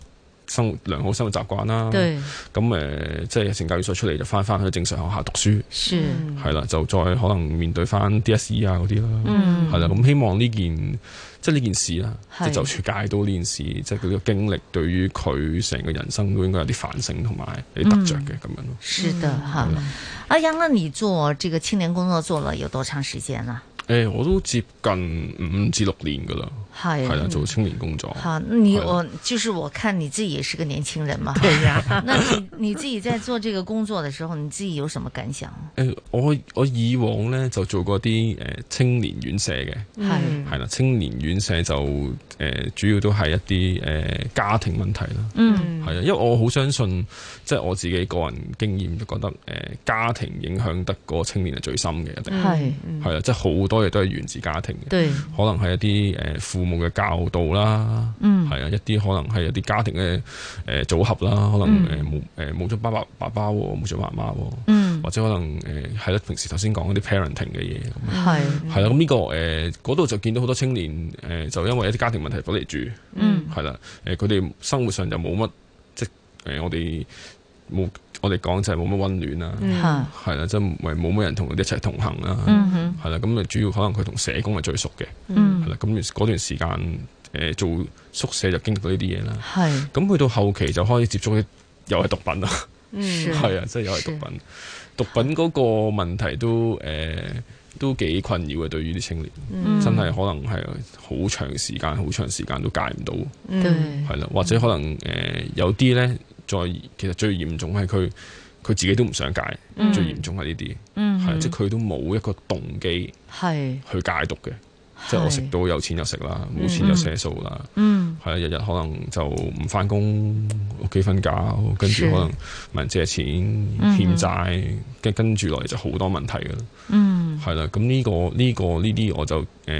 生活良好生活習慣啦，咁誒對、嗯呃，即係成教要所出嚟就翻翻去正常學校讀書，係是啦，就再可能面對翻 D S E 啊嗰啲啦，係、嗯、啦。咁、嗯、希望呢件即係呢件事啦，即是就住戒到呢件事，即係佢嘅經歷，對於佢成個人生都應該有啲反省同埋有啲得着嘅咁樣咯。是的阿吧、啊、楊，你做這個青年工作做了有多長時間啊？誒、欸，我都接近五至六年噶啦。係啦，做青年工作。你的我，就是我看你自己也是個年輕人嘛，對呀 <laughs> 那你你自己在做這個工作的時候，你自己有什麼感想？誒、呃，我我以往咧就做過啲誒青年院舍嘅，係係啦，青年院舍、嗯、就誒、呃、主要都係一啲誒、呃、家庭問題啦，嗯，係啊，因為我好相信，即、就、係、是、我自己個人經驗都覺得，誒、呃、家庭影響得個青年係最深嘅，一定係係啊，即係好多嘢都係源自家庭嘅，對，可能係一啲誒父。呃冇嘅教導啦，嗯，係啊，一啲可能係有啲家庭嘅誒組合啦，可能誒冇誒冇咗爸爸爸爸，冇咗媽媽，嗯，或者可能誒係咯，平時頭先講嗰啲 parenting 嘅嘢，係係啦，咁呢、呢個誒嗰度就見到好多青年誒、呃，就因為一啲家庭問題保嚟住，嗯，係啦、嗯，誒佢哋生活上就冇乜即係、呃、我哋冇。我哋講就係冇乜溫暖啦，係啦、嗯，即係冇冇乜人同佢哋一齊同行啦，係啦、嗯哼，咁啊主要可能佢同社工係最熟嘅，係啦、嗯，咁嗰段時間、呃、做宿舍就經歷到呢啲嘢啦，咁去是到後期就開始接觸啲又係毒品啦，係啊、嗯，即係、 <laughs> 就是、又係毒品，的毒品嗰個問題都誒、呃、都幾困擾嘅，對於啲青年，嗯、真係可能係好長時間、好長時間都戒唔到，係啦，或者可能誒、呃、有啲咧。再其實最嚴重係佢佢自己都唔想戒，嗯、最嚴重係呢啲，係即係佢都冇一個動機去戒毒嘅，係即係我食到有錢就食啦，冇、嗯、錢就瀉數啦，係啊、嗯嗯，日日可能就唔翻工，屋企瞓覺，跟住可能問人借錢欠債，跟跟住來就好多問題㗎啦，係啦、嗯嗯，咁呢個呢個呢啲我就誒。呃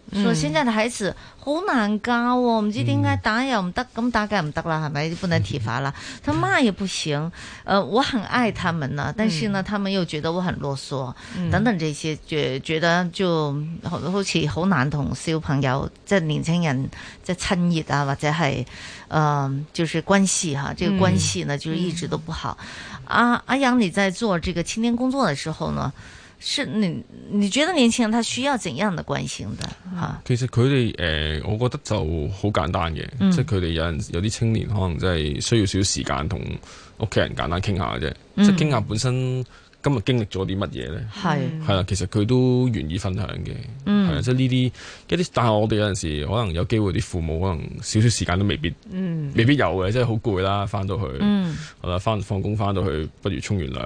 說現在的孩子好、嗯、難教、哦，唔知點解打又唔得，咁打梗唔得啦，係咪就不能體罰啦？他罵也不行，呃，我很愛他們呢，但是呢，他們又覺得我很囉嗦，嗯、等等這些覺得覺得就好，好似好難同小朋友、即係年輕人在參的、即係親熱啊，或者係，誒，就是關係哈，這個關係呢，就是一直都不好。阿、嗯嗯啊、阿揚，你在做這個青年工作的時候呢？是你你覺得年輕人他需要怎樣的關心的啊？其實佢哋誒，我覺得就好簡單嘅，嗯、即係佢哋有陣時有啲青年可能真係需要少少時間同屋企人簡單傾下啫，嗯、即係傾下本身今日經歷咗啲乜嘢咧。係係啦，其實佢都願意分享嘅，係啊、嗯，即係呢啲一啲。但係我哋有陣時可能有機會啲父母可能少少時間都未必，嗯、未必有嘅，即係好攰啦，翻到去，好啦、嗯，翻放工翻到去不如沖完涼。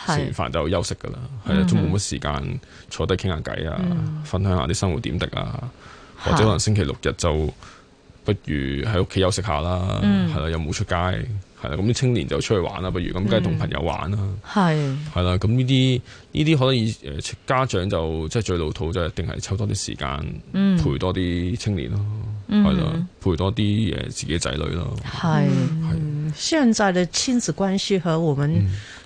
食完飯就休息噶啦，係啦，都冇乜時間坐低傾下偈啊，嗯、分享下啲生活點滴啊，嗯、或者可能星期六日就不如喺屋企休息下啦，係啦、嗯，又冇出街，係啦，咁啲青年就出去玩啦，不如咁梗係同朋友玩啦，係、嗯，係啦是，咁呢啲呢啲可能以誒，家長就即係最老土，就一定係抽多啲時間陪多啲青年咯，係啦、嗯，陪多啲誒自己仔女咯，係，嗯，的的現在嘅親子關係和我們、嗯。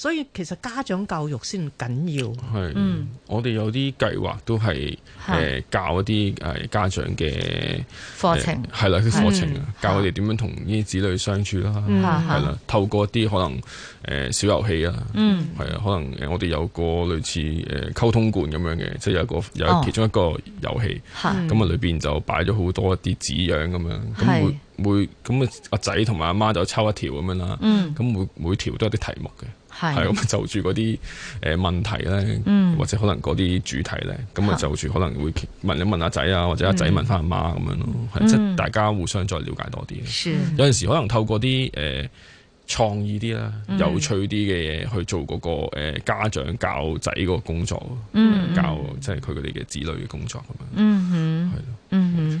所以其實家長教育先緊要，係，嗯，我哋有啲計劃都係誒教一啲誒家長嘅課程，係啦，啲課程啊，教佢哋點樣同啲子女相處啦，係啦，透過一啲可能誒小遊戲啊，嗯，係啊，可能誒我哋有個類似誒溝通罐咁樣嘅，即係有一個有其中一個遊戲，係，咁啊裏邊就擺咗好多一啲紙樣咁樣，係，咁每每咁啊阿仔同埋阿媽就抽一條咁樣啦，嗯，咁每每條都有啲題目嘅。係，咁就住嗰啲誒問題咧，嗯、或者可能嗰啲主題咧，咁啊就住可能會問一問阿仔啊，或者阿仔問翻阿媽咁樣咯，即係、嗯、大家互相再了解多啲。的有陣時可能透過啲誒、呃、創意啲啦、有趣啲嘅嘢去做嗰個家長教仔嗰個工作，嗯嗯、教即係佢哋嘅子女嘅工作咁樣。嗯哼，係咯，嗯的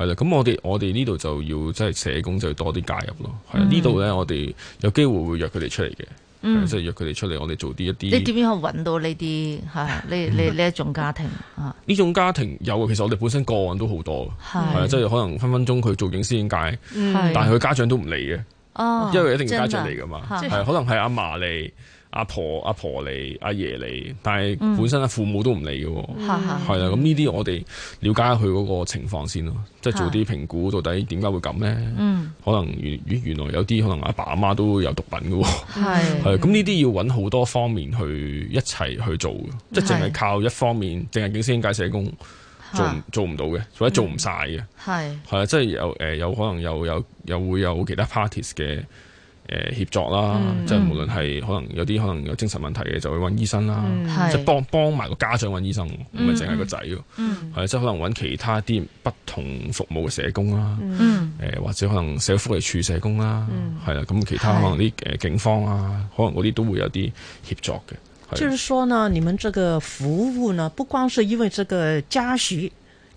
係啦，咁我哋我哋呢度就要即係社工就要多啲介入咯。係啊，呢度咧我哋有機會會約佢哋出嚟嘅，即係約佢哋出嚟，我哋做啲一啲。你點樣可以揾到呢啲係？呢呢呢一種家庭呢種家庭有，其實我哋本身個案都好多，係即係可能分分鐘佢做影師影界，但係佢家長都唔嚟嘅，因為一定家長嚟噶嘛，即可能係阿嫲嚟。阿婆阿婆嚟，阿爺嚟，但係本身咧父母都唔嚟嘅，係啦、嗯。咁呢啲我哋了解下佢嗰個情況先咯，即係做啲評估，到底點解會咁咧？嗯嗯可能原原來有啲可能阿爸阿媽，媽都有毒品嘅，係咁呢啲要揾好多方面去一齊去做嘅，即係淨係靠一方面，淨係警司警誡社工做做唔到嘅，或者做唔晒嘅。係係啊，即係有誒，有可能又有又會有其他 parties 嘅。誒協作啦，即係、嗯、無論係可能有啲可能有精神問題嘅，就會揾醫生啦，即係、嗯、幫是幫埋個家長揾醫生，唔係淨係個仔咯，即係、嗯就是、可能揾其他啲不同服務嘅社工啦，誒、嗯呃、或者可能社福署社工啦，係啦、嗯，咁其他可能啲誒警方啊，嗯、可能嗰啲都會有啲協作嘅。是就是說呢，你們這個服務呢，不光是因為這個家屬。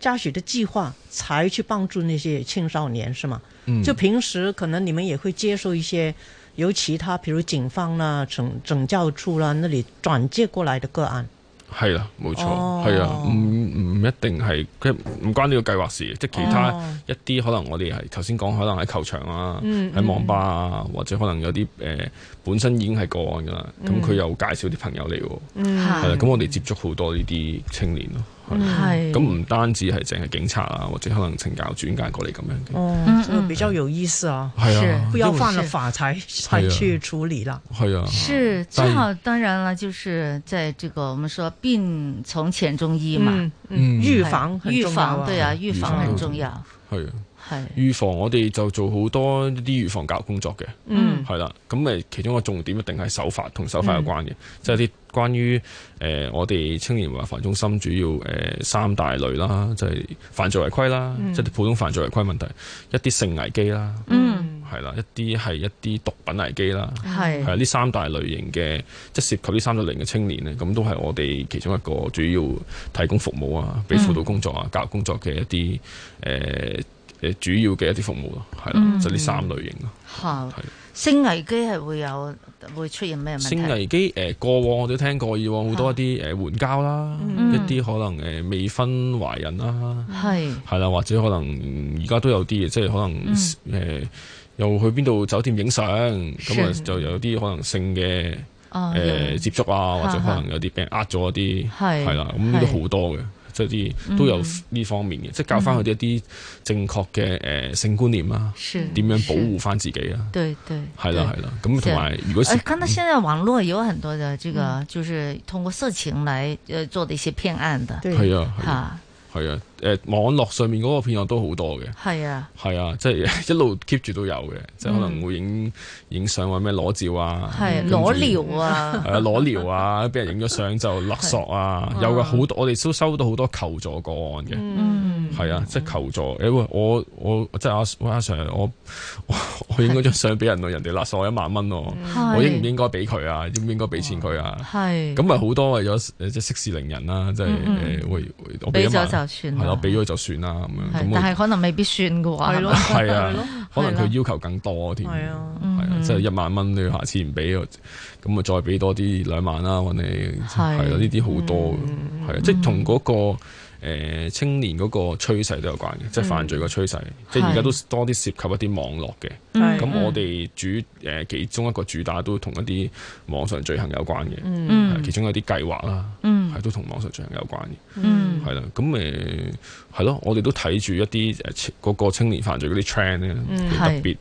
加許的計劃，才去幫助那些青少年，是嗎、嗯、就平時可能你們也會接受一些由其他，譬如警方啦、懲懲教處啦，那裏轉接過來的個案。係啦，冇錯，係啊、哦，唔唔、嗯、一定係，佢唔關呢個計劃事，即係、哦、其他一啲可能我哋係頭先講，可能喺球場啊，喺、嗯嗯、網吧啊，或者可能有啲誒、呃、本身已經係個案噶啦，咁佢又介紹啲朋友嚟，係啦，咁我哋接觸好多呢啲青年咯。係，咁唔、嗯嗯、單止係淨係警察啊，或者可能懲教轉介過嚟咁樣嘅，哦，比較有意思啊，係啊，不要犯咗法才、啊、才去處理啦，係啊，是，是啊最好當然啦，就是在這個我們說病從淺中醫嘛，嗯，預、嗯、防預、啊、防，對啊，預防很重要，係啊。預防我哋就做好多啲預防教育工作嘅，係啦、嗯，咁誒其中個重點一定係守法同守法有關嘅，即係啲關於誒、呃、我哋青年違法防治中心主要誒、呃、三大類啦，就係、是、犯罪違規啦，即係、嗯、普通犯罪違規問題，一啲性危機啦，係啦、嗯，一啲係一啲毒品危機啦，係、嗯、係呢三大類型嘅，即、就、係、是、涉及呢三大類型嘅青年咧，咁都係我哋其中一個主要提供服務啊，俾輔導工作啊，嗯、教育工作嘅一啲誒。呃誒主要嘅一啲服務咯，係啦，就呢三類型咯。嚇，性危機係會有會出現咩問題？性危機誒，過往我都聽過，以往好多一啲誒援交啦，一啲可能誒未婚懷孕啦，係係啦，或者可能而家都有啲嘅，即係可能誒又去邊度酒店影相，咁啊就有啲可能性嘅誒接觸啊，或者可能有啲俾人呃咗一啲，係係啦，咁都好多嘅。即係啲都有呢方面嘅，即係教翻佢哋一啲正確嘅誒性觀念啊，點樣保護翻自己啊？對對，係啦係啦，咁同埋如果誒，看到現在網絡有很多嘅，呢個，就是通過色情來誒做的一些騙案的，對，係啊係啊係啊。誒網絡上面嗰個片案都好多嘅，係啊，係啊，即係一路 keep 住都有嘅，即係可能會影影相，或者咩裸照啊，係裸聊啊，係啊，裸聊啊，俾人影咗相就勒索啊，有好多我哋都收到好多求助個案嘅，嗯，係啊，即係求助，誒，我我即係阿我阿 Sir，我我我影嗰張相俾人咯，人哋勒索我一萬蚊咯，我應唔應該俾佢啊？應唔應該俾錢佢啊？係，咁咪好多為咗即係息事寧人啦，即係俾咗就算俾咗就算啦咁樣，咁但係可能未必算嘅話，係咯，係啊，可能佢要求更多添，係啊，即係一萬蚊，你下次唔俾，咁啊再俾多啲兩萬啦，我哋係咯，呢啲好多，係啊、嗯，即係同嗰個。誒青年嗰個趨勢都有關嘅，即係犯罪個趨勢，即係而家都多啲涉及一啲網絡嘅。咁我哋主誒其中一個主打都同一啲網上罪行有關嘅，其中一啲計劃啦，係都同網上罪行有關嘅。係啦，咁誒係咯，我哋都睇住一啲誒嗰個青年犯罪嗰啲 trend 咧，特別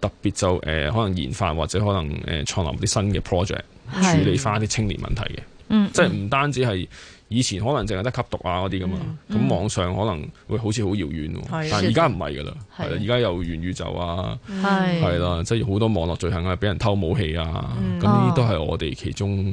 特別就誒可能研發或者可能誒創立啲新嘅 project 處理翻啲青年問題嘅，即係唔單止係。以前可能淨係得吸毒啊嗰啲噶嘛，咁、嗯、網上可能會好似好遙遠喎、啊，的但係而家唔係噶啦，係而家又元宇宙啊，係啦的，即係好多網絡罪行係、啊、俾人偷武器啊，咁呢啲都係我哋其中。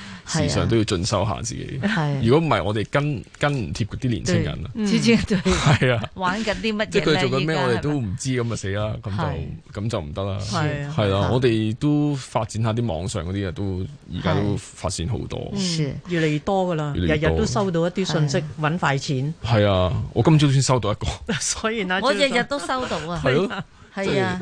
時常都要進修下自己。如果唔係，我哋跟跟唔貼嗰啲年青人啊。係啊，玩緊啲乜嘢咧？即佢做緊咩，我哋都唔知咁咪死啦！咁就咁就唔得啦。係啊，我哋都發展下啲網上嗰啲啊，都，而家都發展好多。越嚟越多㗎啦，日日都收到一啲信息，揾快錢。係啊，我今朝先收到一個。所以我日日都收到啊。係啊。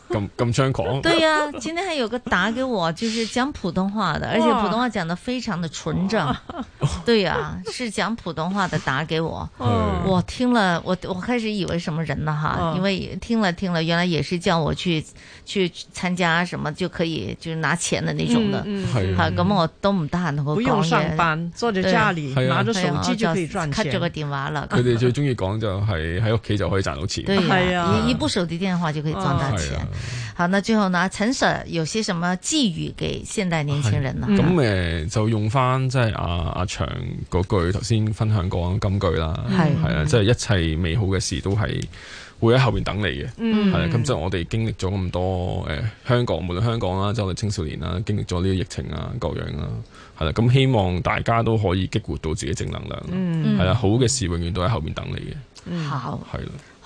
咁咁猖狂？對呀，今天還有個打給我，就是講普通話的，而且普通話講得非常的純正。對呀，是講普通話的打給我，我聽了，我我開始以為什麼人呢？哈，因為聽了聽了，原來也是叫我去去參加什麼就可以就是拿錢的那種的。嗯，係啊。咁我都唔得閒能夠。不用上班，坐在家裏拿着手機就可以賺錢。這個電話啦。佢哋最中意講就係喺屋企就可以賺到錢。係啊，一部手機電話就可以賺到錢。好，那最後呢？陳 Sir 有些什麼寄語給現代年輕人呢？咁誒，就用翻，即係阿阿祥嗰句頭先分享過金句啦，係係啊，即係一切美好嘅事都係會喺後面等你嘅，係啦。咁即係我哋經歷咗咁多誒、呃，香港無論香港啦，即係我哋青少年啦，經歷咗呢個疫情啊，各樣啦，係啦。咁希望大家都可以激活到自己正能量，係啦、嗯。好嘅事永遠都喺後面等你嘅，嗯、的好係啦。